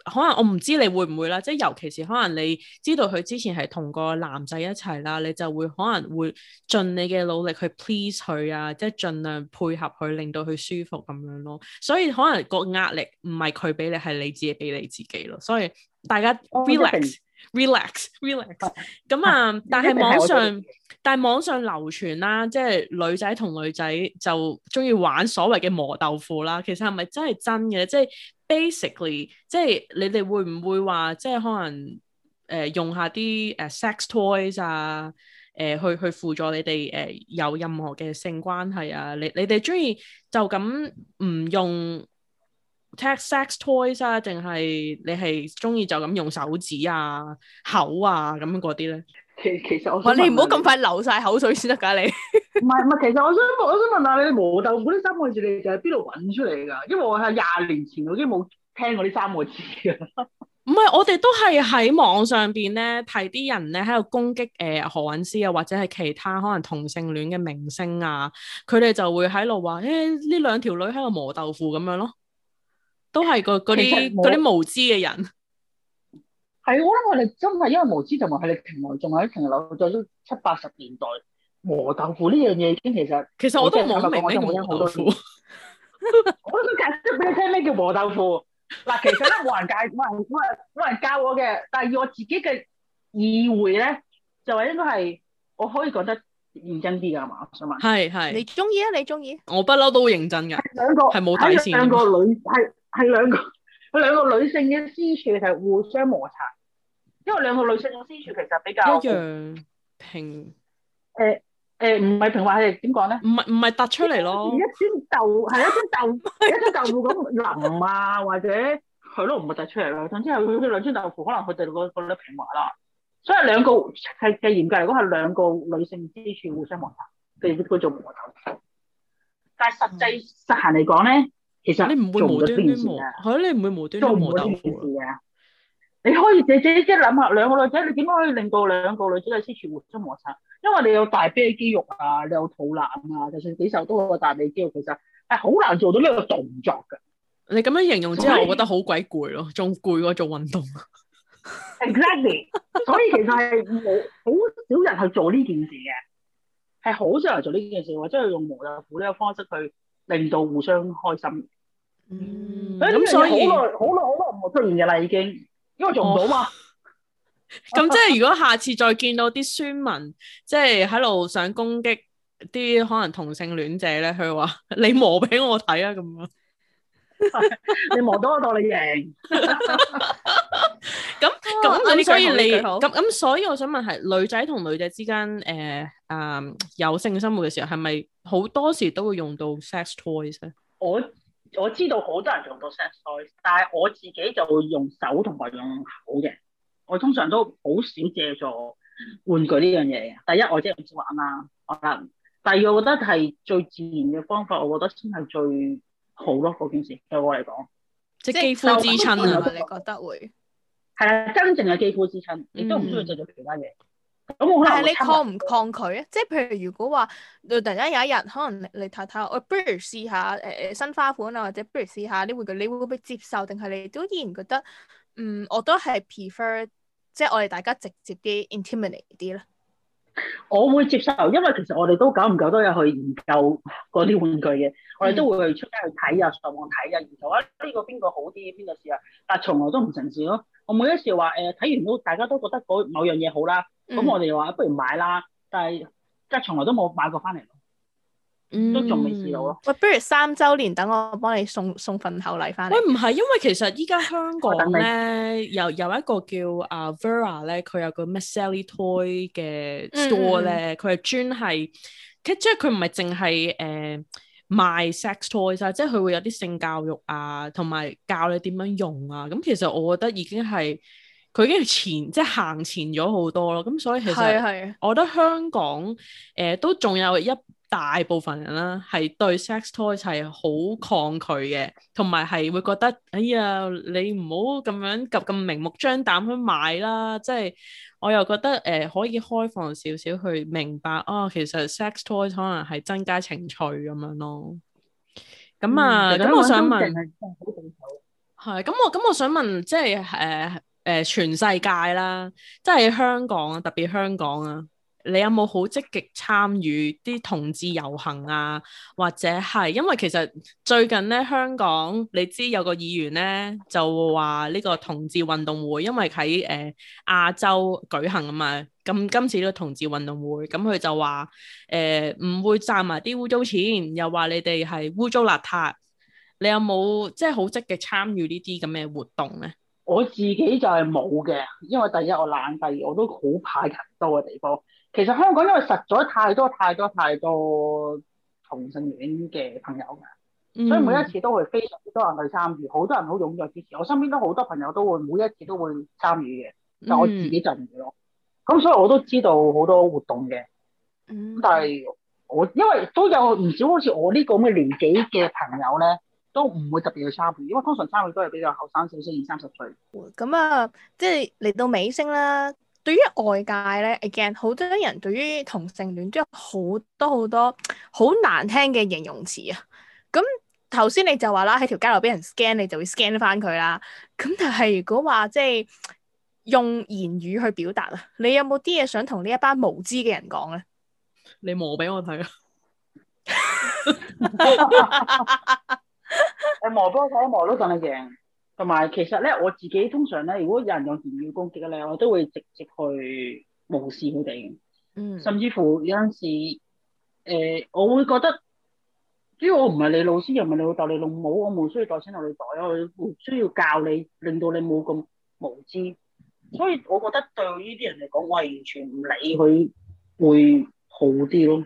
S2: 可能我唔知你會唔會啦，即係尤其是可能你知道佢之前係同個男仔一齊啦，你就會可能會盡你嘅努力去 please 佢啊，即係盡量配合佢，令到佢舒服咁樣咯。所以可能個壓力唔係佢俾你，係你自己俾你自己咯。所以大家 relax。Oh, okay. Relax，relax，咁啊，但係網上， <laughs> 但係網上流傳啦，即係女仔同女仔就中意玩所謂嘅磨豆腐啦。其實係咪真係真嘅？即係 basically，即係你哋會唔會話，即係可能誒、呃、用下啲誒、呃、sex toys 啊，誒、呃、去去輔助你哋誒、呃、有任何嘅性關係啊？你你哋中意就咁唔用？Taste sex toys 啊，定係你係中意就咁用手指啊、口啊咁樣嗰
S1: 啲咧？其其實我問問你唔好咁快流晒口水先得噶你。
S3: 唔係唔係，其實我想我想問下你，你磨豆腐呢三個字，你就係邊度揾出嚟噶？因為我係廿年前我已經冇聽過呢三個字噶。
S2: 唔 <laughs> 係，我哋都係喺網上邊咧睇啲人咧喺度攻擊誒、呃、何韻詩啊，或者係其他可能同性戀嘅明星啊，佢哋就會喺度話誒呢兩條女喺度磨豆腐咁樣咯。都係嗰啲嗰啲無知嘅人，
S3: 係我諗我哋真係因為無知，同埋係你停留仲喺停留在都七八十年代和豆腐呢樣嘢已先。其實其實我都冇明，我冇好多。苦。我都解釋俾你聽咩叫和豆腐。嗱，其實都冇人介，冇人冇人教我嘅。但係以我自己嘅意會咧，就係應該係我可以覺得認真啲噶嘛。我想問，係係你中意啊？你中意？
S2: 我不嬲都會認真噶，係兩個係冇底線，個，個女係兩個，
S3: 佢兩個女性嘅私處就係互相摩擦，因為兩個女性嘅私處其實比
S2: 較一樣平，誒誒、欸，唔、欸、係平滑係點講咧？唔係唔係突出嚟咯，一樽豆係一樽豆，一樽豆， <laughs> 豆腐咁腍啊，或者
S3: 係咯唔係突出嚟咯。總之係佢兩樽豆腐，可能佢哋個個都平滑啦。所以兩個係嘅嚴格嚟講係兩個女性私處互相摩擦，叫做摩擦。但係實際實行嚟講咧。嗯 <laughs> 其實你唔會無端端件係啊，啊你唔會
S2: 無端端磨豆
S3: 啊。無事啊，你可以自己即係諗下，兩個女仔，你點可以令到兩個女仔有活脱摩擦？因為你有大髀肌肉啊，你有肚腩啊，就算幾瘦都好啊，大髀肌肉其實係好難做到呢個動作嘅。
S2: 你咁樣形容之後，以我覺得好鬼攰咯，仲攰過做運動。
S3: Exactly， <laughs> 所以其實係冇好少人去做呢件事嘅，係好少人做呢件事，即係用磨豆腐呢個方式去。令到互相開
S1: 心。嗯，咁所以
S3: 好耐好耐好耐冇出現嘅啦，已經，因為做唔到嘛。咁、哦、 <laughs> 即係如果下
S2: 次再見到啲孫文， <laughs> 即係喺度想攻擊啲可能同性戀者咧，佢話你磨俾我睇啊，咁樣。 <laughs> 你摸到我，當你贏。咁咁、啊、所以你好咁咁，嗯、所、以所以我想問，係 <laughs> 女仔同女仔之間，誒、呃、啊、呃，有性生活嘅時候，係咪好多時都會用到 sex toys 咧？
S3: <laughs> 我我知道好多人用到 sex toys，但係我自己就會用手同埋用口嘅。我通常都好少借助玩具呢樣嘢嘅。第一，我即係咁說玩嘛，我啦。第二，我覺得係最自然嘅方法，我覺得先係最。好咯，嗰件事對我嚟講，即係肌膚之親啊！覺你覺得會係啊，真正嘅肌膚之親，
S1: 你都唔需要做做其他嘢。咁、嗯、但係你抗唔抗拒啊？即係譬如如果話，突然間有一日，可能你太太，我、哎、不如試下誒、呃、新花款啊，或者不如試下啲玩具，你會唔會接受？定係你都依然覺得，嗯，我都係 prefer，即係我哋大家直接啲 intimate i 啲咧。
S3: 我會接受，因為其實我哋都久唔久都有去研究嗰啲玩具嘅。嗯、我哋都會出去出街去睇啊，上網睇啊，然後啊呢個邊個好啲，邊個試啊，但係從來都唔成事咯、啊。我每一次話誒睇完都大家都覺得某樣嘢好啦，咁、嗯、我哋又話不如買啦，但係即係從來都冇買過返嚟。嗯、都仲
S1: 未試到咯。喂，不如三週年等我幫你送送份厚禮翻嚟。喂，唔係，因為其實
S2: 依家香港咧，等有有一個叫阿、uh, Vera 咧，佢有個咩 Sally Toy 嘅 store 咧，佢係、嗯嗯、專係，即係佢唔係淨係誒賣 sex toy 曬，即係佢會有啲性教育啊，同埋教你點樣用啊。咁其實我覺得已經係佢已經前即係行前咗好多咯。咁所以其實我覺得香港誒、呃、都仲有一。大部分人啦，係對 sex toys 係好抗拒嘅，同埋係會覺得，哎呀，你唔好咁樣及咁明目張膽去買啦。即係我又覺得誒、呃、可以開放少少去明白，哦，其實 sex toys 可能係增加情趣咁樣咯。咁、嗯、啊，咁、嗯、我想問，係咁、嗯、我咁我，我想問，即係誒誒全世界啦，即係香港啊，特別香港啊。你有冇好積極參與啲同志遊行啊？或者係因為其實最近咧，香港你知有個議員咧就話呢個同志運動會，因為喺誒、呃、亞洲舉行啊嘛。咁今次呢個同志運動會，咁、嗯、佢就話誒唔會賺埋啲污糟錢，又話你哋係污糟邋遢。你有冇即係好積極參與呢啲咁嘅活動咧？
S3: 我自己就係冇嘅，因為第一我懶，第二我都好怕人多嘅地方。其實香港因為實在太多太多太多同性戀嘅朋友㗎，
S1: 所以每一次
S3: 都會非常之多人去參與，好多人好踴躍支持。我身邊都好多朋友都會每一次都會參與嘅，就我自己就唔會咯。咁所以我都知道好多活動嘅，咁但係我因為都有唔少好似我呢個咁嘅年紀嘅朋友咧，都唔會特別去參與，因為通常參與都係比較後生少少，二三十歲。
S1: 咁啊，即係嚟到尾聲啦。對於外界咧，again，好多人對於同性戀都有好多好多好難聽嘅形容詞啊。咁頭先你就話啦，喺條街度俾人 scan，你就會 scan 翻佢啦。咁但係如果話即係用言語去表達啊，你有冇啲嘢想同呢一班無知嘅人講咧？
S2: 你磨俾我睇
S1: 啊！你磨俾我睇，磨多陣你贏。同
S3: 埋，其實咧，我自己通常咧，如果有人有言語攻擊咧，我都會直接去無視佢哋嘅。嗯。甚至乎有陣時，誒、呃，我會覺得，因為我唔係你老師，又唔係你老豆、你老母，我冇需要帶錢落你袋啊，冇需要教你，令到你冇咁無知。所以，我覺得對呢啲人嚟講，我係完全唔理佢會，會好啲咯。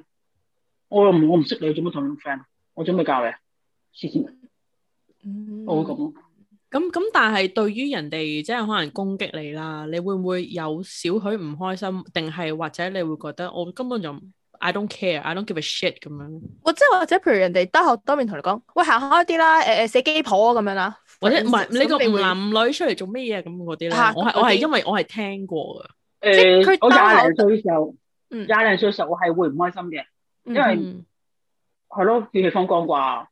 S3: 我唔，我唔識你，做乜同你 friend？我做咩教你？黐線。嗯。
S2: 我會咁。咁咁、嗯，但係對於人哋即係可能攻擊你啦，你會唔會有少許唔開心？定係或者你會覺得我根本就 I don't care, I don't give a shit 咁樣？
S1: 或者或者譬如人哋多好多面同你講，喂行開啲啦，誒死雞婆咁樣啦，或者唔者不你個男
S2: 女出嚟做咩嘢咁嗰啲咧？我係我係因為我係聽過嘅，欸、即係佢。廿零歲嘅時候，廿零歲嘅時候我係會唔開心嘅，因為係咯，見、嗯嗯、
S3: 對方講啩，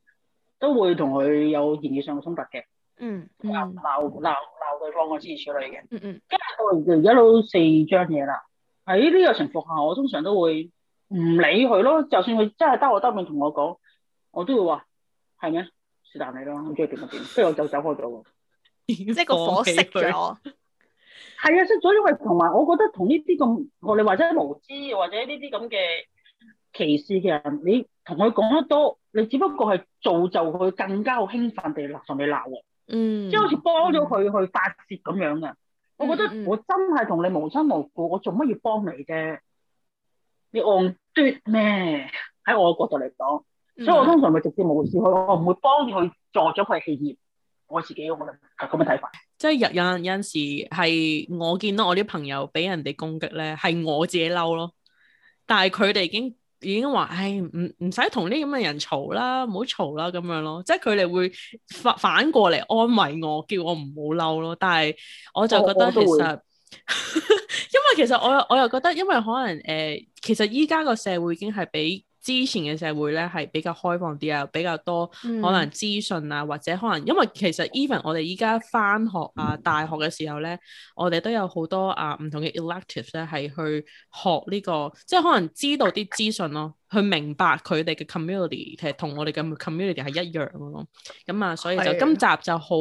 S3: 都會同佢有言語上嘅衝突嘅。嗯，鬧鬧鬧對方我支持處理嘅，嗯嗯，今日到而家都四張嘢啦。喺呢個情況下，我通常都會唔理佢咯。就算佢真係得我得面同我講，我都會話係咩？是但你咯，我中意點就點，跟住我就走開咗。即係個火熄咗，係啊，熄咗。因為同埋，我覺得同呢啲咁，我哋或者無知或者呢啲咁嘅歧視嘅人，你同佢講得多，你只不過係造就佢更加好興奮地鬧，同你鬧。嗯，即係好似幫咗佢去發洩咁樣嘅，我覺得我真係同你無親無故，嗯嗯、我做乜要幫你啫？你戇嘟咩？喺我角度嚟講。所以我通常咪直接無視佢，我唔會幫佢去助咗佢嘅事業，我自己我嘅咁
S2: 嘅睇法。即係日有有陣時，係我見到我啲朋友俾人哋攻擊咧，係我自己嬲咯，但係佢哋已經。已經話，唉，唔唔使同啲咁嘅人嘈啦，唔好嘈啦，咁樣咯，即係佢哋會反反過嚟安慰我，叫我唔好嬲咯。但係我就覺得其實， <laughs> 因為其實我我又覺得，因為可能誒、呃，其實依家個社會已經係比，之前嘅社會咧係比較開放啲啊，比較多可能資訊啊，嗯、或者可能因為其實 even 我哋依家返學啊，大學嘅時候咧，嗯、我哋都有好多啊唔同嘅 electives 咧係去學呢個，即係可能知道啲資訊咯，去明白佢哋嘅 community 其實同我哋嘅 community 係一樣嘅咯。咁啊，所以就今集就好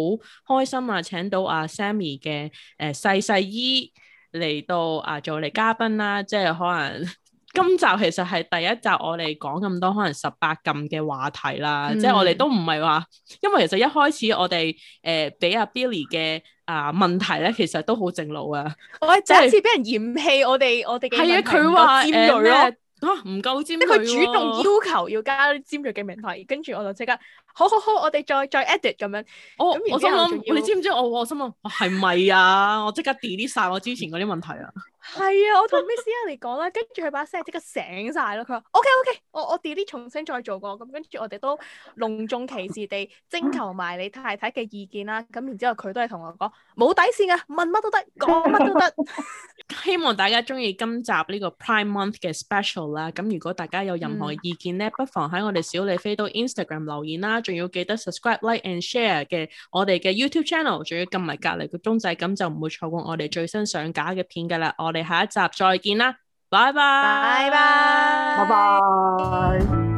S2: 開心啊，請到阿 Sammy 嘅誒細細姨嚟到啊做我哋嘉賓啦，即係可能。今集其實係第一集我講，我哋講咁多可能十八禁嘅話題啦，嗯、即係我哋都唔係話，因為其實一開始我哋誒俾、呃、阿 Billy 嘅啊、呃、問題咧，其實都好正路啊。
S1: 我係第一次俾人嫌棄我哋我哋係、呃、啊，佢話誒吓唔夠尖，即係佢主動要求要加啲尖銳嘅問題，跟住我就即刻。好好好，我哋再再 edit 咁樣。我、哦、然後 我心諗，要你知唔知
S2: 我我心諗，係咪啊？我即刻 delete 晒我之前嗰啲問題啊！
S1: 係啊， <laughs> 我同 Miss 啊嚟講啦，跟住佢把聲即刻醒晒咯。佢話：OK OK，我我 delete 重新再做過。咁跟住我哋都隆重其事地征求埋你太太嘅意見啦。咁然之後佢都係同我講冇底線啊，問乜都得，講乜都得。
S2: <laughs> 希望大家中意今集呢個 Prime Month 嘅 Special 啦。咁如果大家有任何意見咧，嗯、不妨喺我哋小李飛刀 Instagram 留言啦。仲要記得 subscribe、like and share 嘅我哋嘅 YouTube channel，仲要撳埋隔離個鐘仔，咁就唔會錯過我哋最新上架嘅片噶啦。我哋下一集再見啦，拜拜，拜拜，拜拜。